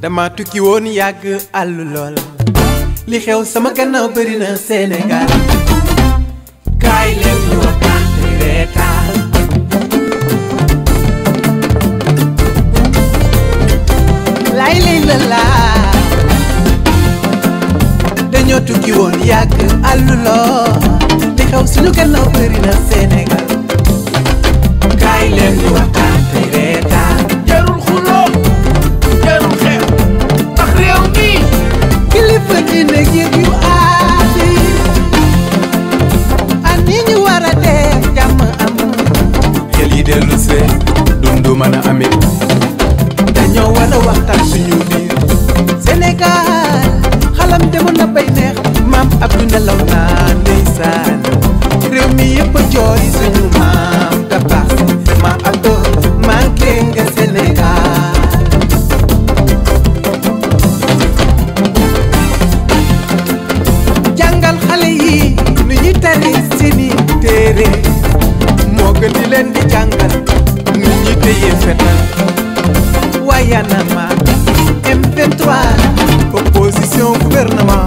dama tukki woon yàgg àll la li xew suñu gannaaw bëri na Sénégal la bay neex maam Abdou nelaw naa ndeysaan réew mi yëpp a jooy suñu maam da baax maam Abdou manqué nga Sénégal jàngal xale yi nu ñuy tari seeni téere moo gën di leen di jàngal nu ñuy téye fetal waaye na ma M23 opposition gouvernement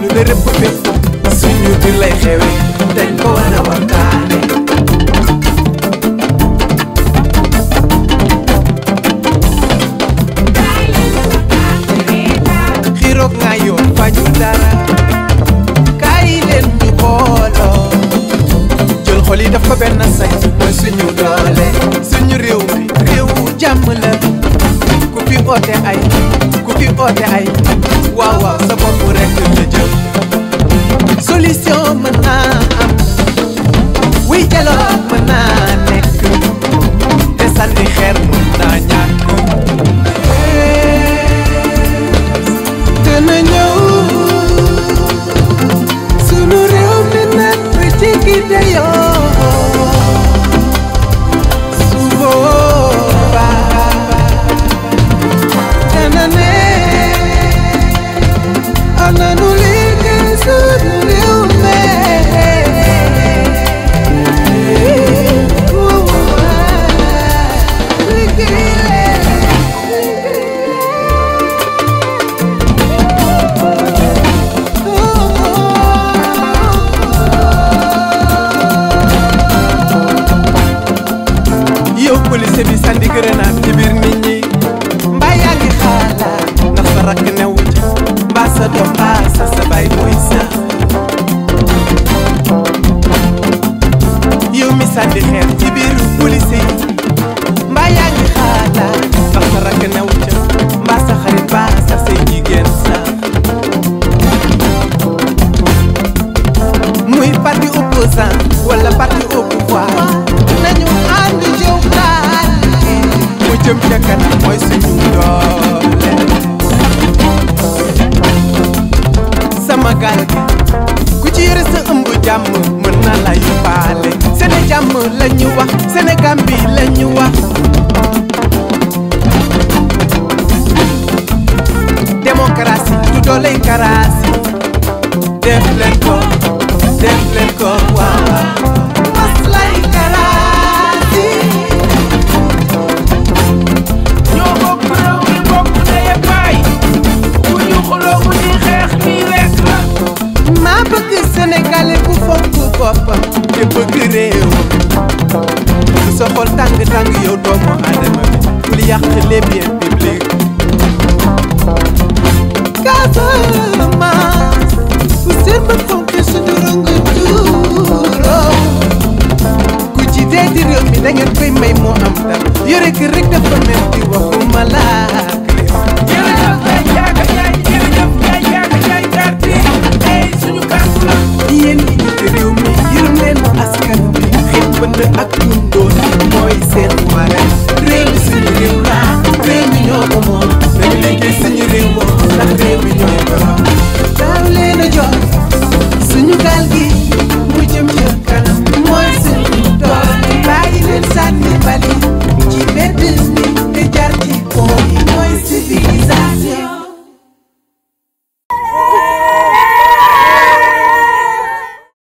lu ne rëpp suñu biir lay xewe dañ ko war a waxtaane xiiroog nga yoon fajul dara kaay leen ñu xooloo jël xol yi def ko benn suñu doole suñu réew mi réewu jàmm ku fi oote ay ku fi oote ay waaw waaw sa bopp rek la jël solution mën naa am wuy jëloo policier bi sandi grenade ci biir nit jëm ca kanam mooy suñu doole sama gaal gi ku sa ëmb jàmm mën na la yóbbaale sene jàmm la wax sene Gàmbi la wax démocratie du dooley karaasi def leen def leen ko xol tàng tàng yow doomu aadama bi bul yàq les biens publics. Casamance ku seen bët fonk suñu rëngu tuuroo ku jiitee di réew mi da koy may moo am dara yore kër rek dafa mel ni waxuma laa.